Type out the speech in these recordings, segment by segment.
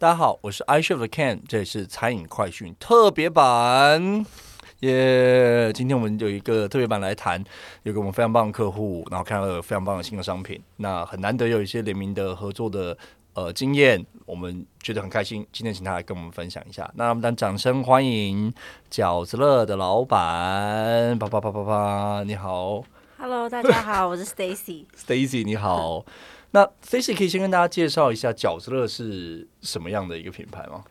大家好，我是 iCHEF 的 Ken，這裡是餐飲快訊特別版。耶、yeah，今天我們有一個特別版來談，有個我們非常棒的客戶，然後看到了非常棒的新的商品，那很難得有一些聯名的合作的呃經驗，我們覺得很開心。今天請他來跟我們分享一下，那我們當掌聲歡迎餃子樂的老闆，啪啪啪啪啪，你好，Hello，大家好， 我是 Stacy，Stacy，你好。 那 f a c 可以先跟大家介紹一下餃子樂是什麼樣的一個品牌嗎？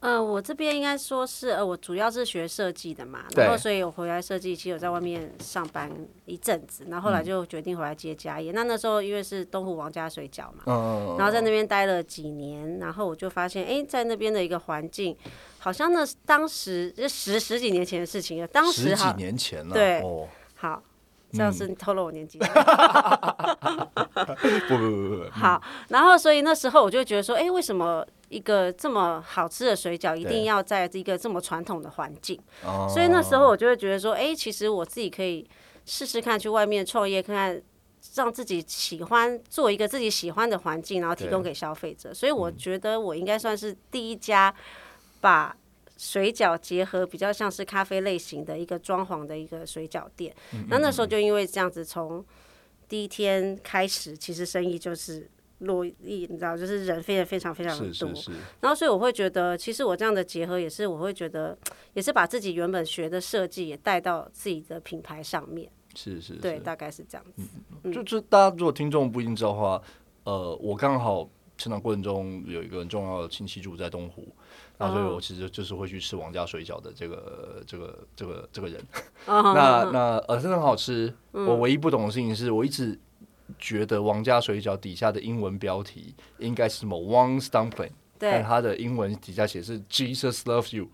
呃，我這邊應該說是，呃，我主要是學設計的嘛，然後所以我回來設計，其實我在外面上班一陣子，然後後來就決定回來接家業。嗯、那那時候因為是東湖王家水餃嘛、嗯，然後在那邊待了幾年，然後我就發現，哎，在那邊的一個環境，好像那當時就十十幾年前的事情，當時好十幾年前了、啊，對，哦、好。這樣是你偷了我年紀、嗯。不 好，然後所以那時候我就覺得說，哎、欸，為什麼一個這麼好吃的水餃，一定要在一個這麼傳統的環境？所以那時候我就會覺得說，哎、欸，其實我自己可以試試看去外面創業，看，看讓自己喜歡，做一個自己喜歡的環境，然後提供給消費者。所以我覺得我應該算是第一家把。水餃結合比較像是咖啡類型的一個裝潢的一個水餃店。嗯嗯，嗯，那那時候就因為這樣子，從第一天開始，其實生意就是絡繹，你知道，就是人非常非常非常的多是，是，是。然後所以我會覺得，其實我這樣的結合也是，我會覺得也是把自己原本學的設計也帶到自己的品牌上面。是，是，是，對，大概是這樣子。嗯嗯，嗯、就就大家如果聽眾不一定知道的話，呃，我剛好。成長過程中有一個很重要的親戚住在東湖，uh, 那所以我其實就是會去吃王家水餃的這個這個這個這個人。Uh, 那、uh, 那呃，真、uh, 的、uh, 很好吃。Uh, 我唯一不懂的事情是我一直覺得王家水餃底下的英文標題應該是某 one's dumpling、uh, 但它的英文底下寫是 “Jesus Loves You”。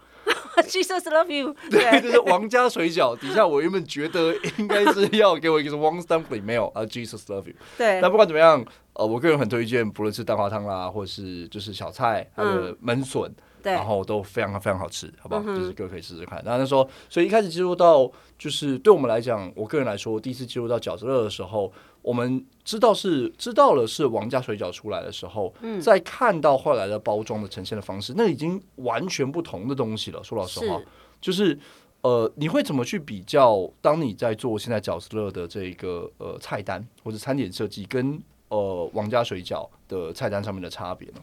Jesus love you 對。對，就是王家水餃底下，我原本覺得應該是要給我一個是王 l 餅，沒有啊，Jesus love you。對。那不管怎麼樣，呃，我個人很推薦，不論是蛋花湯啦，或是就是小菜，還有門筍。嗯然後都非常非常好吃，好不好，嗯？就是各位可以試試看，嗯。那他說，所以一開始進入到，就是對我們來講，我個人來說，第一次進入到餃子樂的時候，我們知道是知道了是王家水餃出來的時候，再看到後來的包裝的呈現的方式，那已經完全不同的東西了。說老實話，就是呃，你會怎麼去比較？當你在做現在餃子樂的這個呃菜單或者餐點設計，跟呃王家水餃的菜單上面的差別呢？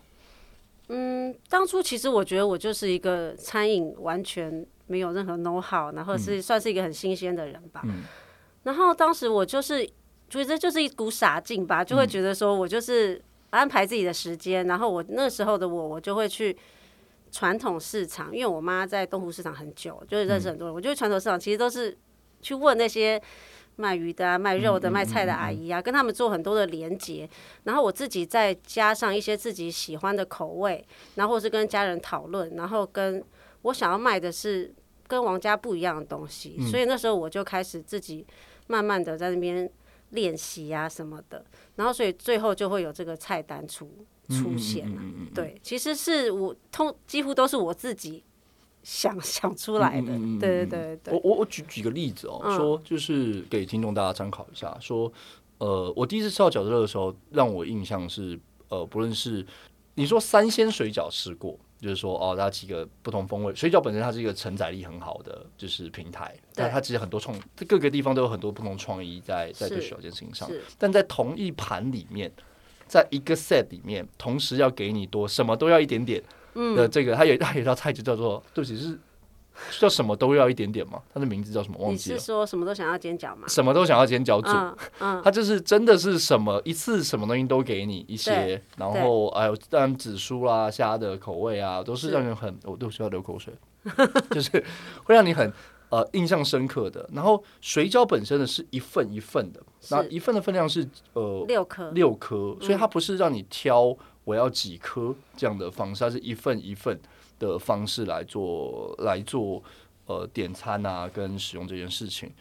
嗯，當初其實我覺得我就是一個餐飲完全沒有任何 know how，然後是算是一個很新鮮的人吧、嗯嗯。然後當時我就是覺得就是一股傻勁吧，就會覺得說我就是安排自己的時間、嗯，然後我那時候的我，我就會去傳統市場，因為我媽在東湖市場很久，就認識很多人。嗯、我覺得傳統市場其實都是去問那些，賣魚的、啊、賣肉的、嗯嗯嗯、賣菜的阿姨啊，跟他們做很多的連接，然後我自己再加上一些自己喜歡的口味，然後是跟家人討論，然後跟我想要賣的是跟王家不一樣的東西，所以那時候我就開始自己慢慢的在那邊練習啊什麼的，然後所以最後就會有這個菜單出出現了、啊嗯嗯嗯嗯，對，其實是我通幾乎都是我自己。想想出來的，對對對、嗯、我我我舉舉個例子哦，嗯、說就是給聽眾大家參考一下，說呃，我第一次吃到餃子的時候，讓我印象是呃，不論是你說三鮮水餃吃過，就是說哦，那幾個不同風味，水餃本身它是一個承載力很好的就是平台，但它其實很多創，各個地方都有很多不同創意在在這小件事情上，但在同一盤裡面，在一個 set 裡面，同時要給你多什麼都要一點點。嗯、的這個，它有它有一道菜就叫做，對不起是叫什麼都要一點點嘛？它的名字叫什麼？忘記了，你是說什麼都想要煎餃嗎？什麼都想要煎餃。煮、嗯嗯、它就是真的是什麼一次什麼東西都給你一些，然後還有當然紫蘇啦、啊、蝦的口味啊，都是讓人很我都需要流口水， 就是會讓你很呃印象深刻的。然後水餃本身的是一份一份的，那一份的分量，是呃六顆六顆，所以它不是讓你挑。嗯我要幾顆這樣的方式，還是一份一份的方式來做來做呃點餐啊，跟使用這件事情，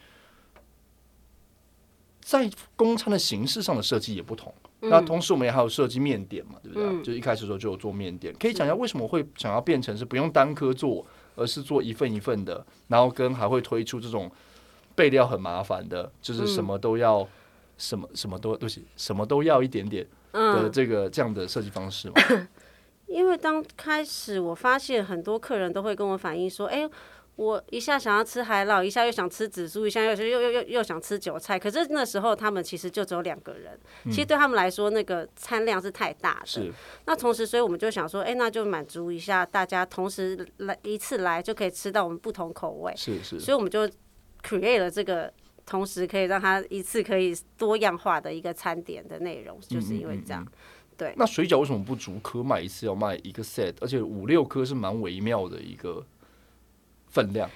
在公餐的形式上的設計也不同，嗯。那同時我們也還有設計麵點嘛，對不對？嗯，就一開始的時候就有做麵點，可以講一下為什麼我會想要變成是不用單顆做，而是做一份一份的，然後跟還會推出這種備料很麻煩的，就是什麼都要。什麼什麼都都行，什麼都要一點點的這個這樣的設計方式嗎？嗯、因為當開始我發現很多客人都會跟我反映說，哎，我一下想要吃海老，一下又想吃紫蘇，一下又又又又想吃韭菜，可是那時候他們其實就只有兩個人，嗯、其實對他們來說那個餐量是太大的。是。那同時，所以我們就想說，哎，那就滿足一下大家，同時來一次來就可以吃到我們不同口味。是是。所以我們就 create 了這個。同時可以讓它一次可以多樣化的一個餐點的內容。嗯嗯嗯嗯，就是因為這樣，對。那水餃為什麼不逐顆賣？買一次要賣一個 set，而且五六顆是蠻微妙的一個分量。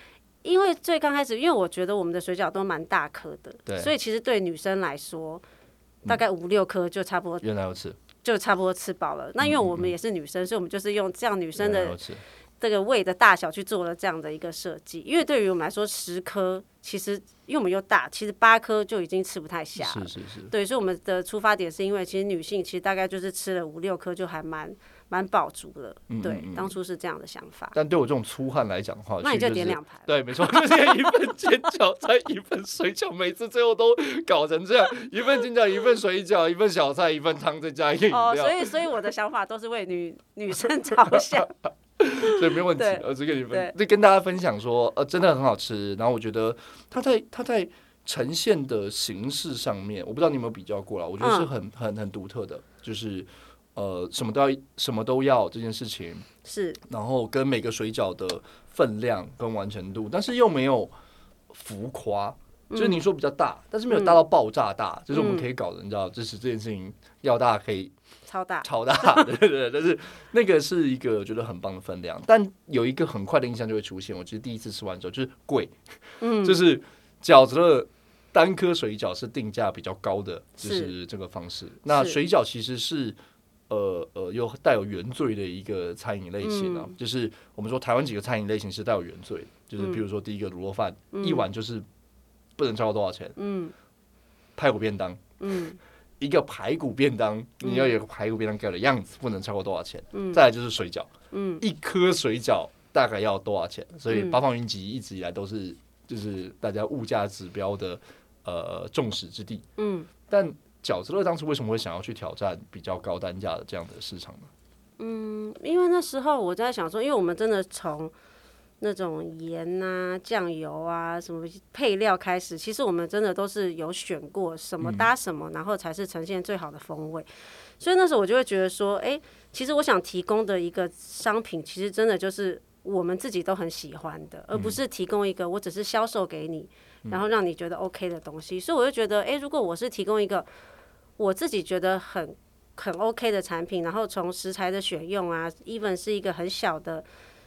因為最剛開始，因為我覺得我們的水餃都蠻大顆的，對。所以其實對女生來說，嗯、大概五六顆就差不多，原來如此，就差不多吃飽了嗯嗯嗯。那因為我們也是女生，所以我們就是用這樣女生的。這個胃的大小去做了這樣的一個設計，因為對於我們來說，十顆其實，因為我們又大，其實八顆就已經吃不太下了。是是是。對，所以我們的出發點是因為，其實女性其實大概就是吃了五六顆就還蠻蠻飽足了，嗯嗯嗯。對，當初是這樣的想法。但對我這種粗漢來講的話，那你就點兩盤，就是。對，沒錯，就是一份煎餃，再一份水餃， 每次最後都搞成這樣：一份煎餃，一份水餃，一份小菜，一份湯，再加一個飲料，哦，所以，所以我的想法都是為女 女生着想。所 以沒問題，我只跟你分，就跟大家分享說，呃，真的很好吃。然後我覺得它在它在呈現的形式上面，我不知道你有沒有比較過了，我覺得是很很很獨特的，嗯、就是呃，什麼都要什麼都要這件事情是，然後跟每個水餃的分量跟完成度，但是又沒有浮誇，就是你說比較大、嗯，但是沒有大到爆炸大、嗯，就是我們可以搞的，你知道，就是這件事情要大家可以。超大， 超大，對對，對，但、就是那個是一個我覺得很棒的分量。但有一個很快的印象就會出現，我其實第一次吃完之後就是貴、嗯，就是餃子的單顆水餃是定價比較高的，就是這個方式。那水餃其實是呃呃，有、呃、帶有原罪的一個餐飲類型啊、嗯，就是我們說台灣幾個餐飲類型是帶有原罪的，就是比如說第一個滷肉飯、嗯，一碗就是不能超過多少錢，嗯，排骨便當，嗯。一個排骨便當，你要有個排骨便當蓋的樣子、嗯，不能超過多少錢？嗯、再來就是水餃、嗯，一顆水餃大概要多少錢？所以八方雲集一直以來都是就是大家物價指標的呃眾矢之的、嗯。但餃子樂當時為什麼會想要去挑戰比較高單價的這樣的市場呢？嗯，因為那時候我在想說，因為我們真的從那種鹽吶、啊、醬油啊、什麼配料開始，其實我們真的都是有選過什麼搭什麼，嗯、然後才是呈現最好的風味。所以那時候我就會覺得說，哎、欸，其實我想提供的一個商品，其實真的就是我們自己都很喜歡的，而不是提供一個我只是銷售給你、嗯，然後讓你覺得 OK 的東西。所以我就覺得，哎、欸，如果我是提供一個我自己覺得很很 OK 的產品，然後從食材的選用啊，even 是一個很小的。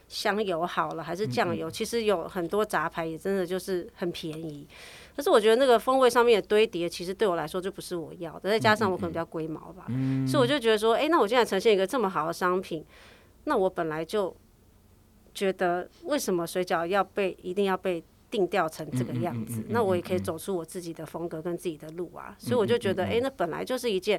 香油好了，還是醬油？其實有很多雜牌也真的就是很便宜，可是我覺得那個風味上面的堆疊，其實對我來說就不是我要的。再加上我可能比較龜毛吧、嗯嗯，所以我就覺得說，哎、欸，那我現在呈現一個這麼好的商品，那我本來就覺得為什麼水餃要被一定要被定調成這個樣子、嗯嗯嗯嗯？那我也可以走出我自己的風格跟自己的路啊。所以我就覺得，哎、欸，那本來就是一件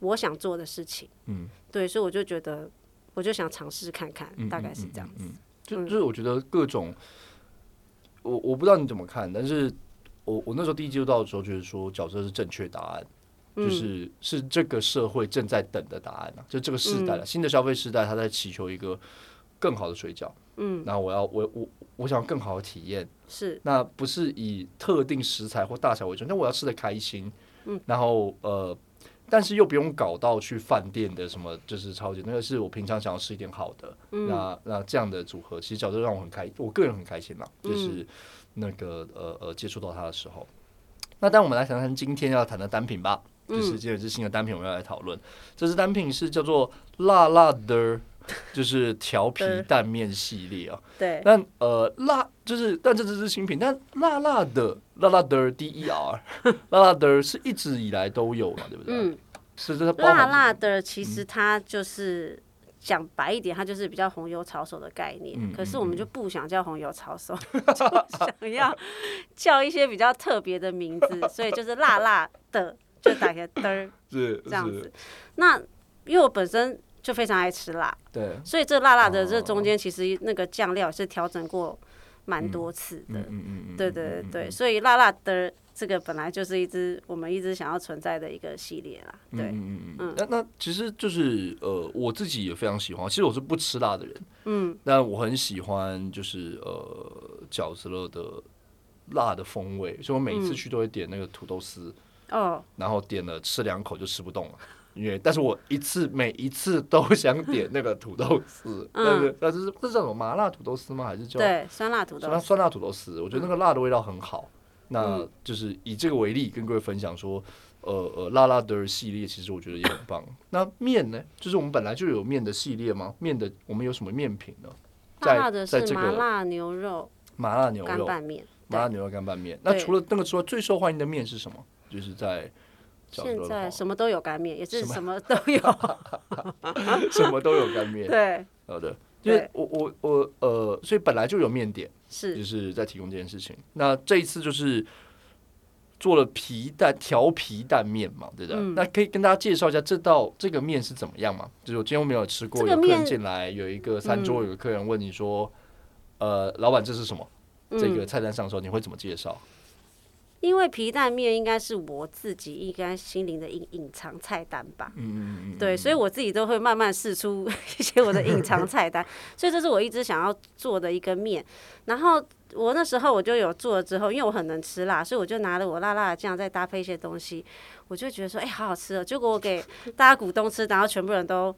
我想做的事情。嗯，對，所以我就覺得。我就想嘗試看看、嗯，大概是這樣子。嗯嗯、就是我覺得各種，嗯、我我不知道你怎麼看，但是我我那時候第一季度到的時候，覺得說角色是正確答案，嗯、就是是這個社會正在等的答案了、啊，就這個時代了、啊嗯，新的消費時代，它在祈求一個更好的水餃。嗯，然後我要我我我想要更好的體驗，是那不是以特定食材或大小為準，那我要吃的開心。嗯，然後呃。但是又不用搞到去飯店的什麼，就是超級那個是我平常想要吃一點好的，嗯、那那這樣的組合其實角度讓我很開，我個人很開心嘛、啊嗯，就是那個呃呃接觸到它的時候。那當我們來談談今天要談的單品吧，就是今日之新的單品我們要來討論、嗯。這只單品是叫做辣辣 der。就是調皮蛋麵系列啊、呃，對、就是，但呃辣就是但這只是新品，但辣辣的辣辣的 D E R，辣辣的是一直以來都有了，對不對？嗯，是這個辣辣的其實它就是講、嗯、白一點，它就是比較紅油抄手的概念、嗯，可是我們就不想叫紅油抄手，嗯、 就想要叫一些比較特別的名字，所以就是辣辣的，就打個嘚是這樣子是是。那因為我本身。就非常愛吃辣，對，所以這辣辣的這中間其實那個醬料是調整過蠻多次的，嗯嗯，嗯，嗯對對對、嗯嗯嗯、所以辣辣的這個本來就是一支我們一直想要存在的一個系列啦，對，嗯嗯那那其實就是呃，我自己也非常喜歡，其實我是不吃辣的人，嗯，但我很喜歡就是呃餃子樂的辣的風味，所以我每一次去都會點那個土豆絲，哦、嗯，然後點了吃兩口就吃不動了。因為，但是我一次每一次都想點那個土豆絲， 嗯，但是但是是這種麻辣土豆絲嗎？還是叫對，酸辣土豆絲？酸辣土豆絲，我覺得那個辣的味道很好，嗯。那就是以這個為例，跟各位分享說，呃呃，辣辣的系列其實我覺得也很棒。 那麵呢，就是我們本來就有麵的系列嗎？麵的我們有什麼麵品呢？在在這個麻辣牛肉，麻辣牛肉乾拌麵，麻辣牛肉乾拌麵。那除了那個之外，最受歡迎的麵是什麼？就是在。現在什麼都有乾麵，也是什麼都有， 什麼都有乾麵。對，好的，因為我我我呃，所以本來就有麵點，是就是在提供這件事情。那這一次就是做了皮蛋調皮蛋麵嘛，對的。嗯、那可以跟大家介紹一下這道這個麵是怎麼樣嘛？就是我今天我沒有吃過，有客人進來，有一個餐桌，有個客人問你說，呃，老闆這是什麼？這個菜單上說你會怎麼介紹？因為皮蛋麵應該是我自己應該心靈的隱隱藏菜單吧，嗯，對，所以我自己都會慢慢試出一些我的隱藏菜單， 所以這是我一直想要做的一個麵。然後我那時候我就有做了之後，因為我很能吃辣，所以我就拿了我辣辣的醬再搭配一些東西，我就覺得說，哎，欸，好好吃啊！結果我給大家股東吃，然後全部人都。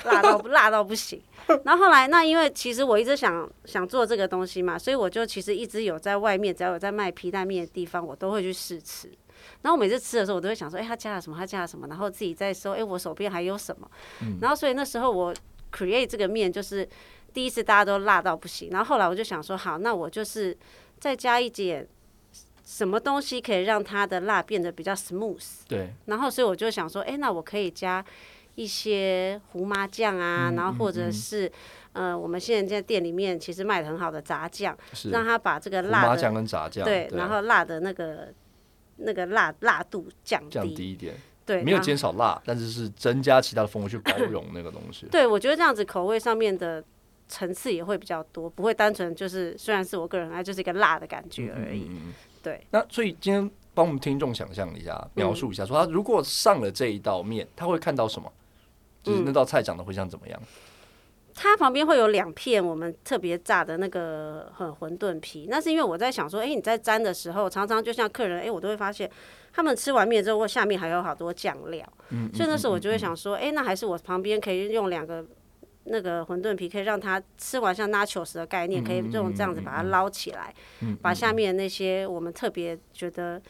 辣到辣到不行，然後後來那因為其實我一直想想做這個東西嘛，所以我就其實一直有在外面只要有在賣皮蛋麵的地方，我都會去試吃。然後我每次吃的時候，我都會想說，哎、欸，他加了什麼？他加了什麼？然後自己再說，哎、欸，我手邊還有什麼、嗯？然後所以那時候我 create 這個麵就是第一次大家都辣到不行，然後後來我就想說，好，那我就是再加一點什麼東西可以讓它的辣變得比較 smooth。對。然後所以我就想說，哎、欸，那我可以加。一些胡麻醬啊，然後或者是嗯嗯嗯呃，我們現在在店裡面其實賣的很好的炸醬，讓他把這個辣，麻醬跟炸醬對，對，然後辣的那個那個辣辣度降低，降低一點，對，沒有減少辣，但是是增加其他的風味去包容那個東西。 對，我覺得這樣子口味上面的層次也會比較多，不會單純就是雖然是我個人愛，就是一個辣的感覺而已。嗯嗯嗯對，那所以今天幫我們聽眾想象一下，描述一下，嗯，說他如果上了這一道麵，他會看到什麼？嗯，那道菜長得會像怎麼樣、嗯？它旁邊會有兩片我們特別炸的那個很餛飩皮。那是因為我在想說，哎，你在沾的時候，常常就像客人，哎，我都會發現他們吃完麵之後，下面還有好多醬料。嗯、所以那時候我就會想說，哎、嗯嗯嗯，那還是我旁邊可以用兩個那個餛飩皮，可以讓他吃完像 nachos 的概念，可以這種這樣子把它撈起來、嗯嗯嗯，把下面那些我們特別覺得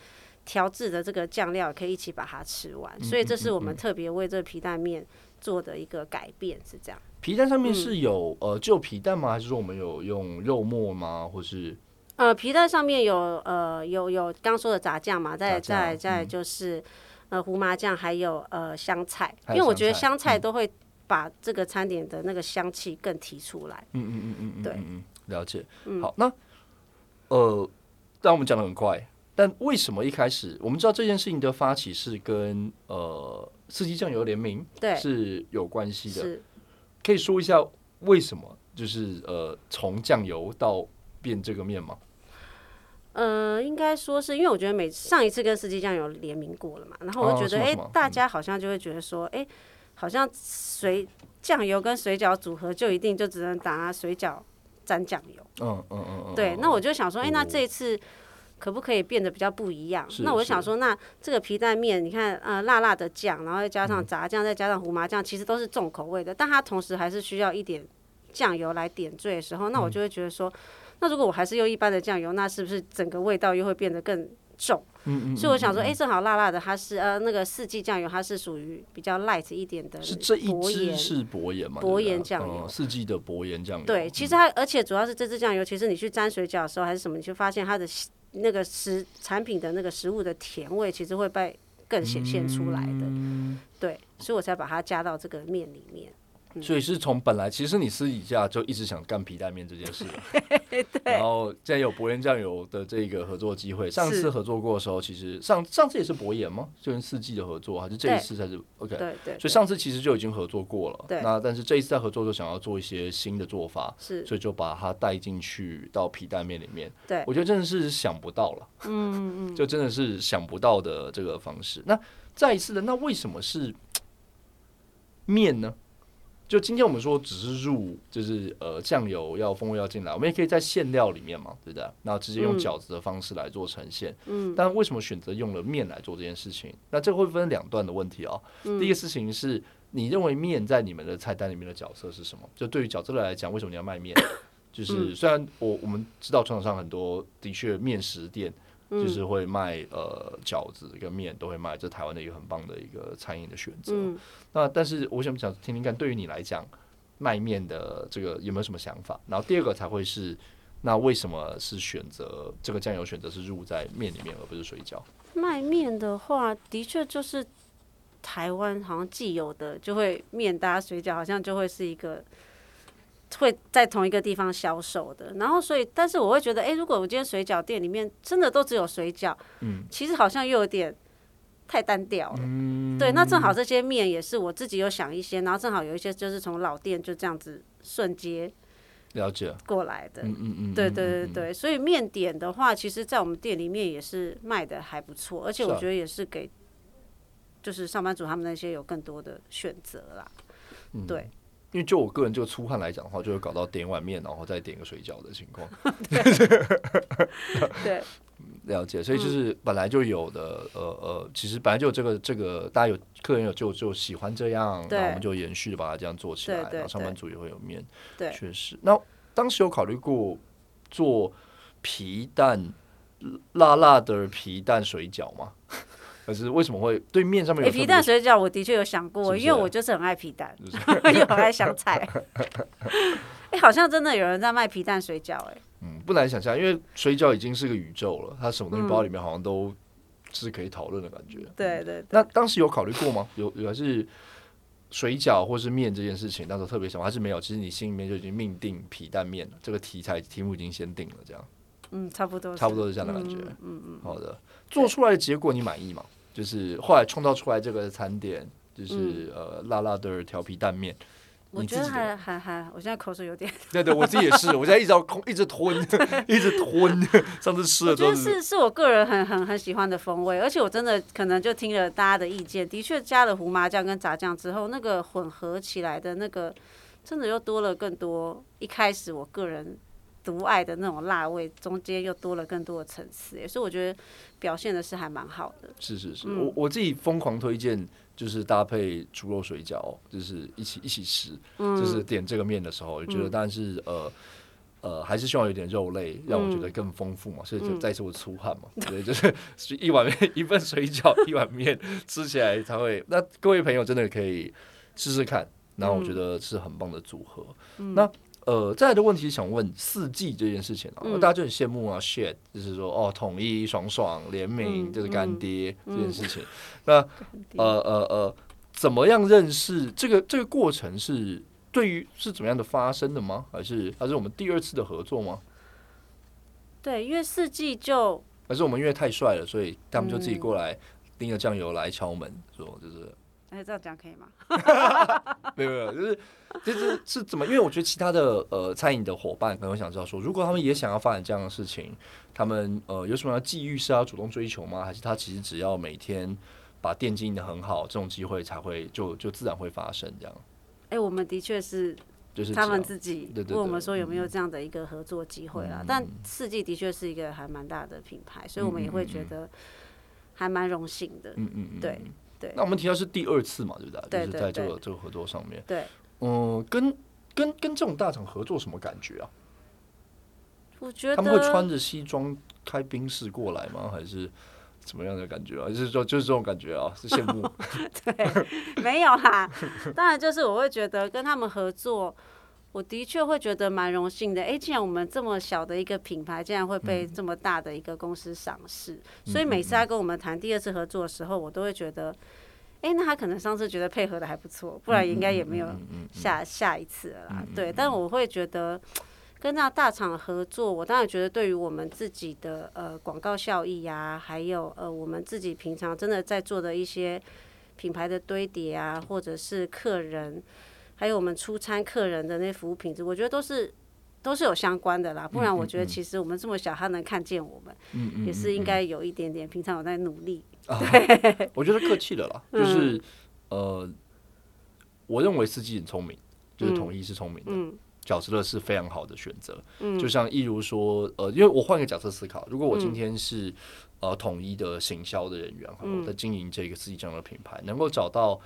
調制的這個醬料可以一起把它吃完、嗯嗯嗯。所以這是我們特別為這皮蛋麵。做的一個改變是這樣。皮蛋上面是有、嗯、呃舊皮蛋嗎？還是說我們有用肉末嗎？或是呃皮蛋上面有呃有有剛剛說的炸醬嘛？再再再就是、嗯、呃胡麻醬，還有呃香菜，還有香菜。因為我覺得香菜、嗯、香菜都會把這個餐點的那個香氣更提出來。嗯嗯嗯嗯嗯。對、嗯嗯嗯。了解。嗯、好，那呃但我們講得很快，但為什麼一開始我們知道這件事情的發起是跟呃？四季醬油聯名，對，是有關係的，可以說一下為什麼？就是呃，從醬油到變這個麵嗎？呃，應該說是因為我覺得每上一次跟四季醬油聯名過了嘛，然後我就覺得，哎、啊欸，大家好像就會覺得說，哎、嗯欸，好像水醬油跟水餃組合就一定就只能打水餃沾醬油。嗯嗯嗯嗯。對嗯，那我就想說，哎、哦欸，那這一次。可不可以變得比較不一樣？是是，那我想說，那這個皮蛋麵，你看，呃，辣辣的醬，然後再加上炸醬，嗯、再加上胡麻醬，其實都是重口味的。但它同時還是需要一點醬油來點綴的時候，那我就會覺得說，嗯、那如果我還是用一般的醬油，那是不是整個味道又會變得更重？嗯嗯嗯嗯嗯，所以我想說，哎、欸，正好辣辣的，它是呃那個四季醬油，它是屬於比較 light 一點的。是這一支是薄鹽嗎？薄鹽醬油、嗯，四季的薄鹽醬油。對，其實它，而且主要是這支醬油，其實你去沾水餃的時候還是什麼，你就發現它的。那個食產品的那個食物的甜味，其實會被更顯現出來的。嗯，對，所以我才把它加到這個麵裡面。所以是從本來其實你私底下就一直想幹皮蛋麵這件事， 然後現在有薄鹽醬油的這個合作機會，上次合作過的時候，其實上上次也是薄鹽嗎？就跟四季的合作還是這一次才是 OK。對對，對。所以上次其實就已經合作過了。那但是這一次再合作就想要做一些新的做法，是。所以就把它帶進去到皮蛋麵裡面。我覺得真的是想不到了。嗯嗯嗯。就真的是想不到的這個方式。那再一次的，那為什麼是麵呢？就今天我們說只是入，就是呃醬油要風味要進來，我們也可以在餡料裡面嘛，對不對？那直接用餃子的方式來做呈現。嗯，但為什麼選擇用了麵來做這件事情？那這會分兩段的問題哦。第一個事情是你認為麵在你們的菜單裡面的角色是什麼？就對於餃子來講，為什麼你要賣麵？嗯，就是雖然我我們知道傳統上很多的確麵食店。就是會賣呃餃子跟麵都會賣，這，就是，台灣的一個很棒的一個餐飲的選擇，嗯。那但是我想想聽聽看，對於你來講賣麵的這個有沒有什麼想法？然後第二個才會是，那為什麼是選擇這個醬油選擇是入在麵裡面而不是水餃？賣麵的話，的確就是台灣好像既有的就會麵搭水餃，好像就會是一個。會在同一個地方銷售的，然後所以，但是我會覺得，哎、欸，如果我今天水餃店裡面真的都只有水餃，嗯，其實好像又有點太單調了、嗯，對。那正好這些麵也是我自己有想一些，然後正好有一些就是從老店就這樣子順接了解過來的，嗯嗯，嗯對對對對。所以麵點的話，其實在我們店裡面也是賣的還不錯，而且我覺得也是給就是上班族他們那些有更多的選擇啦、嗯，對。因為就我個人就出汗來講的話，就會搞到點一碗麵，然後再點一個水餃的情況 對 了解。所以就是本來就有的，呃呃，其實本來就有這個這個，大家有客人有就就喜歡這樣，然後我們就延續的把它這樣做起來。然後上班族也會有麵。對，確實。那當時有考慮過做皮蛋辣辣的皮蛋水餃嗎？可是為什麼會對，麵上面有、欸、皮蛋水餃？我的確有想過、欸，啊、因為我就是很愛皮蛋，又很愛香菜。哎，好像真的有人在賣皮蛋水餃，哎。嗯，不難想象，因為水餃已經是個宇宙了，它什麼東西包裡面好像都是可以討論的感覺、嗯。嗯、對對，對，那當時有考慮過嗎？有，有，還是水餃或是麵這件事情，當時特別想，還是沒有？其實你心裡面就已經命定皮蛋麵了，這個題材題目已經先定了，這樣。嗯，差不多，差不多是這樣的感覺。嗯嗯，嗯，好的，做出來的結果你滿意嗎？就是後來創造出來這個餐點，就是呃辣辣 der 調皮蛋麵。我覺得還還還，我現在口水有點。對對，我自己也是，我現在一直空，一直吞，一直吞。上次吃了，我覺得是是我個人很很很喜歡的風味，而且我真的可能就聽了大家的意見，的確加了胡麻醬跟炸醬之後，那個混合起來的那個真的又多了更多。一開始我個人。獨愛的那種辣味，中間又多了更多的層次，所以我覺得表現的是還蠻好的。是是是，嗯、我我自己瘋狂推薦，就是搭配豬肉水餃，就是一起一起吃，嗯、就是點這個麵的時候，我覺得但是、嗯、呃呃還是希望有點肉類，讓我覺得更豐富嘛、嗯，所以就再次我出汗嘛，對、嗯，所以就是一碗麵一份水餃，一碗麵 吃起來才會。那各位朋友真的可以試試看，然後我覺得是很棒的組合。嗯、那。呃，再來的問題想問四季這件事情、啊，嗯、因為大家就很羨慕啊，shit，就是說哦，統一爽爽聯名、嗯、就是乾爹、嗯、這件事情。嗯、那呃呃呃，怎麼樣認識這個這個過程是對於是怎麼樣的發生的嗎？還是還是我們第二次的合作嗎？對，因為四季就，還是我們因為太帥了，所以他們就自己過來拎着醬油來敲門，說就是，哎、欸，這樣講可以嗎？ 沒有沒有，就是。是 是怎麼？因為我覺得其他的呃餐飲的夥伴可能我想知道說，如果他們也想要發展這樣的事情，他們呃有什麼要機遇，是要主動追求嗎？還是他其實只要每天把店經營得很好，這種機會才會就就自然會發生這樣？哎，我們的確是，就是他們自己問我們說有沒有這樣的一個合作機會啊、嗯？但四季的確是一個還蠻大的品牌，所以我們也會覺得還蠻榮幸的。嗯嗯，嗯，嗯嗯、對對。那我們提到是第二次嘛，對不對？對？就是在這個這個合作上面，對。嗯，跟跟跟這種大廠合作什麼感覺啊？我覺得他們會穿着西裝開賓士過來嗎？還是怎麼樣的感覺啊？是就是說，就是這種感覺啊，是羨慕、 哦？對，沒有啦。 當然，就是我會覺得跟他們合作，我的確會覺得蠻榮幸的。哎、欸，既然我們這麼小的一個品牌，竟然會被這麼大的一個公司賞識、嗯，所以每次他跟我們談第二次合作的時候，我都會覺得。哎、欸，那他可能上次覺得配合的還不錯，不然應該也沒有下、嗯、下一次了啦、嗯。對，但我會覺得跟那大廠合作，我當然覺得對於我們自己的呃廣告效益呀、啊，還有呃我們自己平常真的在做的一些品牌的堆疊啊，或者是客人，還有我們出餐客人的那些服務品質，我覺得都是。都是有相關的啦，不然我覺得其實我們這麼小，他能看見我們，嗯嗯嗯、也是應該有一點點、嗯嗯、平常有在努力。啊、我覺得客氣了啦， 嗯、就是呃，我認為四季很聰明，就是統一是聰明的，餃子樂是非常好的選擇、嗯。就像例如說，呃，因為我換個角色思考，如果我今天是、嗯、呃統一的行銷的人員，我、嗯、在經營這個四季這樣的品牌，能夠找到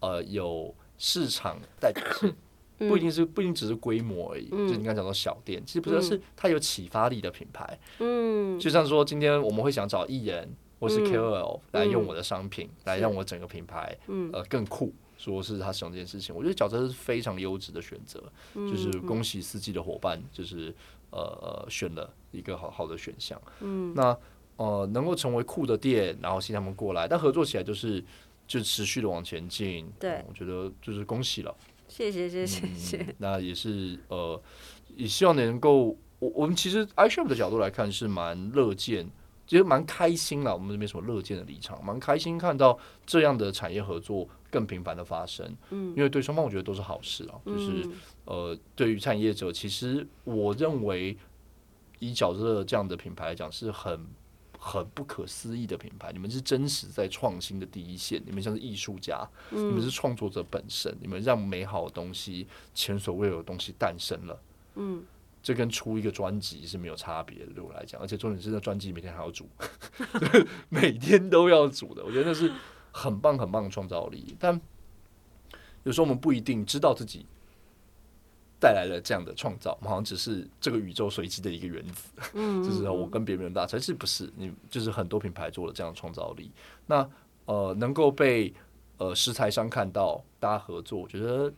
呃有市場代表性。 不一定是，不一定只是規模而已，嗯、就你剛講到小店，其實不是，是它有啟發力的品牌，嗯，就像說今天我們會想找藝人或是 KOL 來用我的商品，來讓我整個品牌，呃更酷，是嗯、說是他喜歡這件事情，我覺得餃子是非常優質的選擇、嗯，就是恭喜四季的夥伴，就是呃，呃選了一個好好的選項，嗯，那呃能夠成為酷的店，然後吸引他們過來，但合作起來就是就持續的往前進，對、嗯，我覺得就是恭喜了。謝謝謝謝謝。那也是呃，也希望你能夠，我我們其實 iCHEF 的角度來看是蠻樂見，其實蠻開心啦。我們沒什麼樂見的立場，蠻開心看到這樣的產業合作更頻繁的發生。嗯，因為對雙方我覺得都是好事啊。就是、嗯、呃，對於創業者，其實我認為以餃子樂這樣的品牌來講是很。很不可思議的品牌，你們是真實在創新的第一線，你們像是藝術家、嗯，你們是創作者本身，你們讓美好的東西、前所未有的東西誕生了。嗯，這跟出一個專輯是沒有差別的，對我來講。而且重點是，那專輯每天還要煮， 每天都要煮的，我覺得那是很棒很棒的創造力。但有時候我們不一定知道自己。帶來了這樣的創造，好像只是這個宇宙隨機的一個原子，嗯， 就是、嗯、我跟別人大車其實不是，你就是很多品牌做了這樣的創造力，那呃，能夠被呃食材商看到，大家合作，我覺得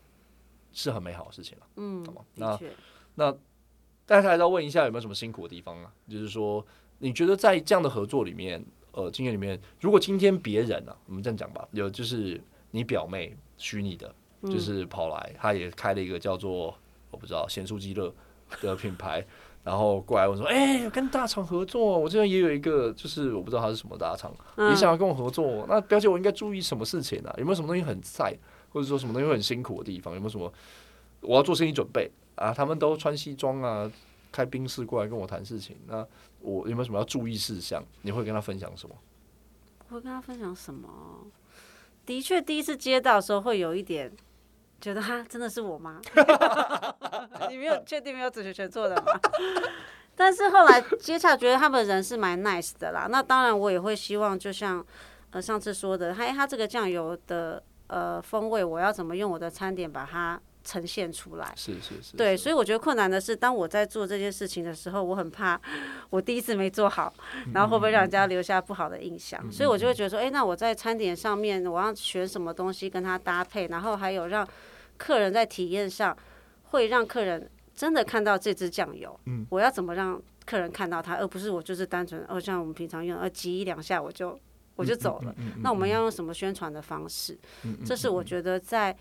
是很美好的事情了，嗯，好嗎？嗯、那那大家還是要問一下有沒有什麼辛苦的地方啊？就是說，你覺得在這樣的合作裡面，呃，經驗裡面，如果今天別人啊，我們這樣講吧，有就是你表妹虛擬的，就是跑來、嗯，他也開了一個叫做。我不知道，賢淑基樂的品牌， 然後過來我說：“哎、欸，跟大廠合作，我這邊也有一個，就是我不知道他是什麼大廠，你、嗯、想要跟我合作。那表姐，我應該注意什麼事情啊？有沒有什麼東西很衰，或者說什麼東西很辛苦的地方？有沒有什麼我要做心理準備啊？他們都穿西裝啊，開賓士過來跟我談事情。那我有沒有什麼要注意事項？你會跟他分享什麼？我會跟他分享什麼？的確，第一次接到的時候會有一點。”覺得他真的是我嗎？ 你沒有確定沒有指示權做的嗎？ 但是後來接觸覺得他們人是蠻 nice 的啦。那當然我也會希望，就像呃上次說的，哎，他這個醬油的呃風味，我要怎麼用我的餐點把它呈現出來？是是是，是。對，所以我覺得困難的是，當我在做這件事情的時候，我很怕我第一次沒做好，然後會不會讓人家留下不好的印象？嗯嗯，所以我就會覺得說，哎，那我在餐點上面我要選什麼東西跟他搭配，然後還有讓。客人在體驗上，會讓客人真的看到這支醬油。嗯，我要怎麼讓客人看到它？而不是我就是單純，哦，像我們平常用呃擠一兩下我就我就走了。那我們要用什麼宣傳的方式？這是我覺得在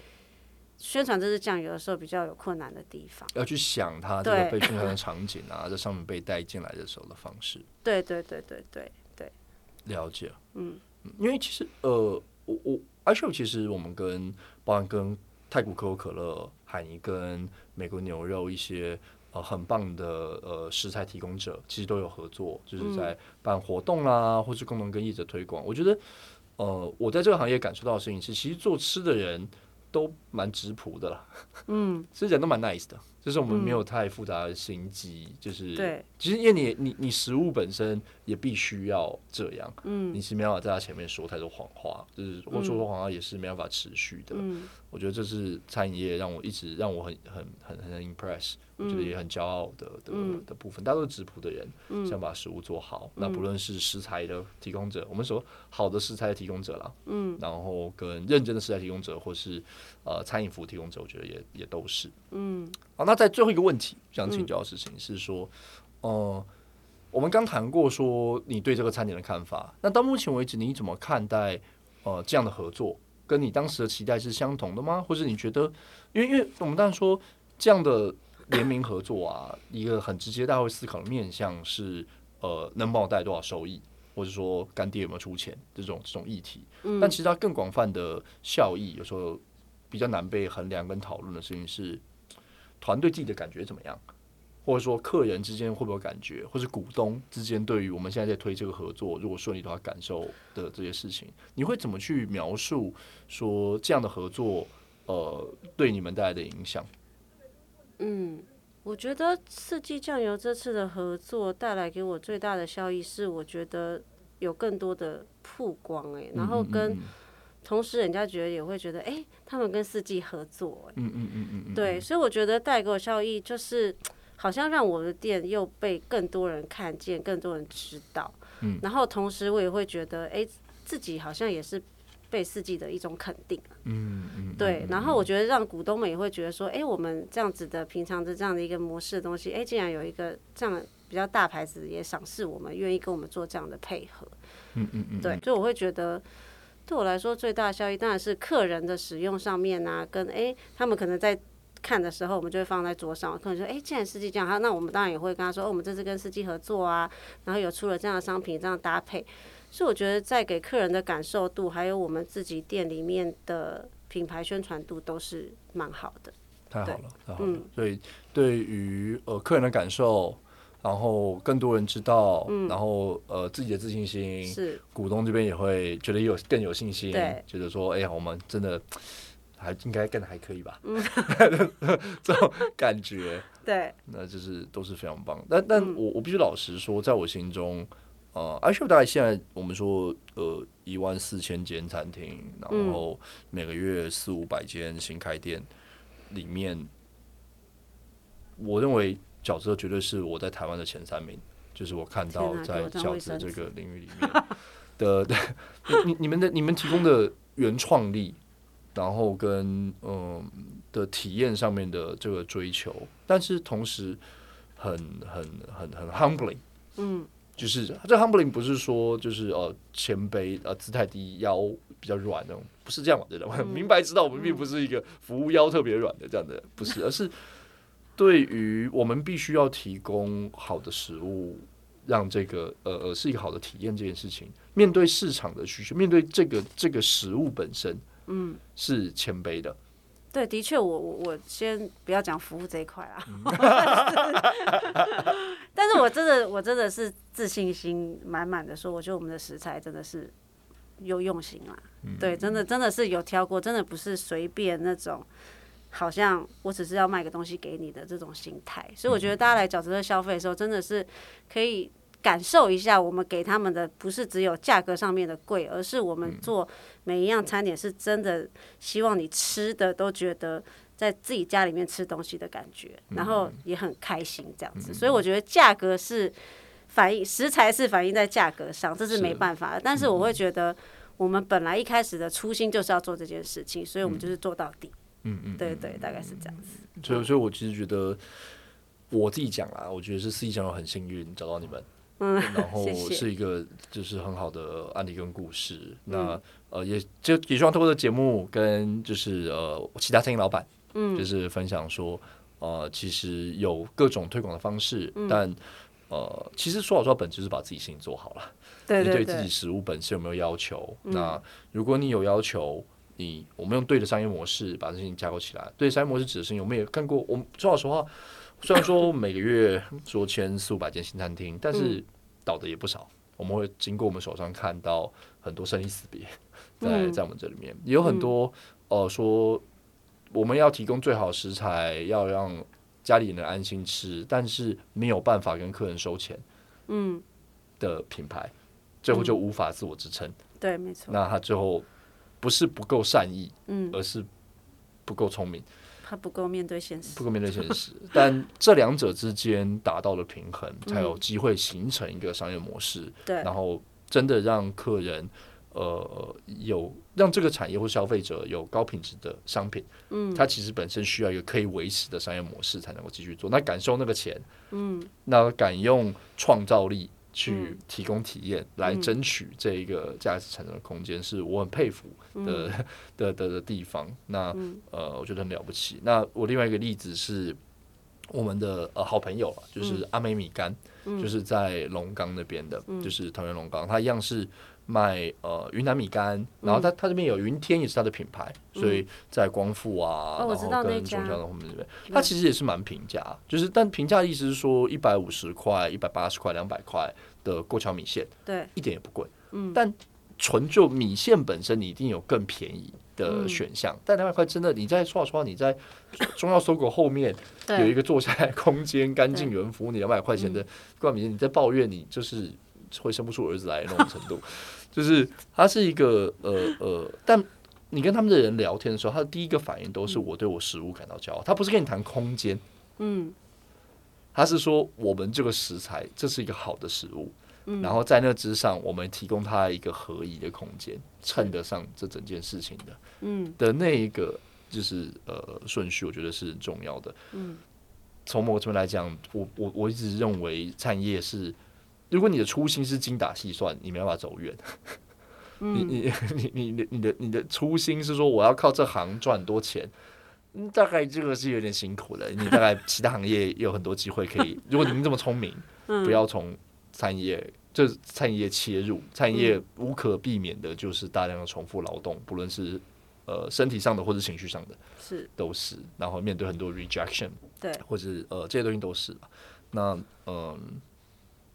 宣傳這支醬油的時候比較有困難的地方。要去想它這個被宣傳的場景啊，在 上面被帶進來的時候的方式 。對對對對對對，對，了解。嗯，因為其實呃，我我而且其實我們跟保安跟。太古可口可樂、海尼根美國牛肉一些呃很棒的呃食材提供者，其實都有合作，就是在辦活動啊，嗯、或是共同跟業者推廣。我覺得，呃，我在這個行業感受到的事情是，其實做吃的人都蠻質樸的啦，嗯，所以人都蠻 nice 的。就是我們沒有太複雜的心機、嗯，就是對，其實因為你你你食物本身也必須要這樣，嗯，你是沒辦法在他前面說太多謊話，就是、嗯、我說謊話也是沒辦法持續的。嗯、我覺得這是餐飲業讓我一直讓我很很很很 impress，我覺得也很驕傲的、嗯、的的、的部分，大家都是質樸的人，想把食物做好。嗯、那不論是食材的提供者、嗯，我們說好的食材的提供者啦，嗯，然後跟認真的食材提供者，或是。呃，餐飲服務提供者，我覺得也也都是。嗯，好，那再最後一個問題想請教的事情、嗯、是說，呃，我們剛談過說你對這個餐點的看法，那到目前為止你怎麼看待？呃，這樣的合作跟你當時的期待是相同的嗎？或是你覺得，因為因為我們當然說這樣的聯名合作啊，一個很直接大家會思考的面向是，呃，能幫我帶多少收益，或者說乾爹有沒有出錢這種這種議題。嗯、但其實它更廣泛的效益，有時候。比較難被衡量跟討論的事情是，團隊自己的感覺怎麼樣，或者說客人之間會不會有感覺，或是股東之間對於我們現在在推這個合作，如果順利的話，感受的這些事情，你會怎麼去描述說這樣的合作，呃，對你們帶來的影響？嗯，我覺得四季醬油這次的合作帶來給我最大的效益是，我覺得有更多的曝光哎、欸嗯嗯嗯嗯，然後跟。同時，人家覺得也會覺得，哎、欸，他們跟四季合作，嗯嗯嗯嗯，對，所以我覺得帶給我效益就是，好像讓我的店又被更多人看見，更多人知道，嗯、然後同時我也會覺得，哎、欸，自己好像也是被四季的一種肯定，嗯嗯，嗯，對，然後我覺得讓股東們也會覺得說，哎、欸，我們這樣子的平常的這樣的一個模式的東西，哎、欸，竟然有一個這樣比較大牌子也賞識我們，願意跟我們做這樣的配合，嗯嗯嗯，對，所以我會覺得。對我來說，最大的效益當然是客人的使用上面吶、啊，跟哎、欸，他們可能在看的時候，我們就會放在桌上。可能說，哎、欸，既然四季這樣，哈，那我們當然也會跟他說，哦，我們這次跟四季合作啊，然後有出了這樣的商品，這樣搭配。所以我覺得，在給客人的感受度，還有我們自己店裡面的品牌宣傳度，都是蠻好的太好。太好了，嗯，所以對於呃客人的感受。然後更多人知道，嗯、然後呃自己的自信心是股東，這邊也會覺得有更有信心，覺得說，哎呀我們真的還應該更還可以吧，嗯、 這種感覺對。那就是都是非常棒。但但我我必須老實說，在我心中，呃 iCHEF 大概現在我們說呃一萬四千間餐廳，然後每個月四五百間新開店裡面，嗯、我認為。餃子樂絕對是我在台灣的前三名，就是我看到在餃子這個領域裡面的， 你你，你們的你們提供的原創力，然後跟嗯、呃、的體驗上面的這個追求，但是同時很很很很 humbling 嗯，就是這 humbling 不是說就是呃謙卑，呃姿態低腰比較軟那種，不是這樣吧？對、嗯、吧？ 明白知道我們並不是一個服務腰特別軟的這樣的，不是，嗯、而是。對於我們必須要提供好的食物，讓這個呃呃是一個好的體驗這件事情，面對市場的需求，面對這個這個食物本身，嗯，是謙卑的。對，的確，我我我先不要講服務這一塊啊，嗯、 但是， 但是我真的我真的是自信心滿滿的說，我覺得我們的食材真的是有用心啊、嗯，對，真的真的是有挑過，真的不是隨便那種。好像我只是要賣個東西給你的這種心態，所以我覺得大家來餃子樂消費的時候，真的是可以感受一下我們給他們的不是只有價格上面的貴，而是我們做每一樣餐點是真的希望你吃的都覺得在自己家裡面吃東西的感覺，然後也很開心這樣子。所以我覺得價格是反映食材是反映在價格上，這是沒辦法的。但是我會覺得我們本來一開始的初心就是要做這件事情，所以我們就是做到底。嗯嗯，對對，大概是這樣子。所以，所以我其實覺得，我自己講啦，我覺得是四季醬油很幸運找到你們，嗯，然後是一個就是很好的案例跟故事。嗯、那呃，也就也希望透過這節目跟就是呃其他餐飲老闆，嗯，就是分享說，呃，其實有各種推廣的方式，嗯、但呃，其實說好說本質就是把自己事情做好了，你對自己食物本身有沒有要求、嗯？那如果你有要求。你、嗯、我們用對的商業模式把這些架構起來。對，商業模式指的是什麼？我們也看過。我們說老實話，雖然說每個月說簽四五百間新餐廳、嗯，但是倒的也不少。我們會經過我們手上看到很多生離死別，在、嗯、在我們這裡面有很多、嗯、呃，說我們要提供最好的食材，要讓家裡人安心吃，但是沒有辦法跟客人收錢，嗯，的品牌最後就無法自我支撐、嗯。對，沒錯。那他最後。不是不夠善意、嗯，而是不夠聰明，他不夠面對現實，不夠面對現實。 但這兩者之間達到了平衡，嗯、才有機會形成一個商業模式。對、嗯，然後真的讓客人，呃，有讓這個產業或消費者有高品質的商品。嗯，它其實本身需要一個可以維持的商業模式，才能夠繼續做。那敢收那個錢，嗯，那敢用創造力。去提供體驗，來爭取這個價值產生的空間，嗯嗯，是我很佩服的的的的，的地方。那，嗯、呃，我覺得很了不起。那我另外一個例子是。我們的呃好朋友就是阿美米干，嗯、就是在龍崗那邊的、嗯，就是桃園龍崗，他一樣是賣呃雲南米干，嗯、然後他他這邊有雲天也是他的品牌，嗯、所以在光復啊、嗯，然後跟中橋的後面這邊、啊我知道那家，他其實也是蠻平價，就是但平價意思是說一百五十塊、一百八十塊、兩百塊的過橋米線，對，一點也不貴，嗯，但。純就米線本身，你一定有更便宜的選項。嗯、但兩百塊真的，你在說老實話，你在中藥搜狗後面有一個坐下來空間，乾淨有人服務你兩百塊錢的掛名，你在抱怨你就是會生不出兒子來的那種程度。就是它是一個呃呃，但你跟他們的人聊天的時候，他的第一個反應都是我對我食物感到驕傲。他不是跟你談空間，嗯，他是說我們這個食材，這是一個好的食物。然後在那之上，我們提供他一個合一的空間，嗯、稱得上這整件事情的，嗯的那一個就是呃順序，我覺得是很重要的。嗯，從某個層面來講，我我我一直認為餐業，是，如果你的初心是精打細算，你沒辦法走遠。嗯、 你你你你你的你的初心是說我要靠這行賺很多錢，大概這個是有點辛苦的。你大概其他行業也有很多機會可以， 如果你們這麼聰明，不要從餐業餐飲業切入，餐飲業無可避免的就是大量的重複勞動，嗯、不論是呃身體上的或者情緒上的，是都是。然後面對很多 rejection，對，或者呃這些東西都是。那嗯，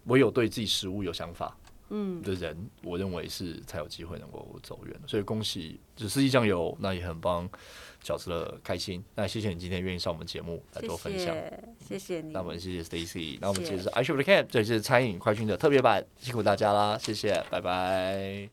唯、呃、有對自己食物有想法，的人、嗯，我認為是才有機會能夠走遠。所以恭喜，四季醬油，那也很棒。小吃的開心，那謝謝你今天願意上我們節目來做分享謝謝、嗯，謝謝你。那我們謝謝 Stacy，謝謝那我們接着 iCHEF 的 Ken 這裡是餐飲快訊的特別版，辛苦大家啦，謝謝，拜拜。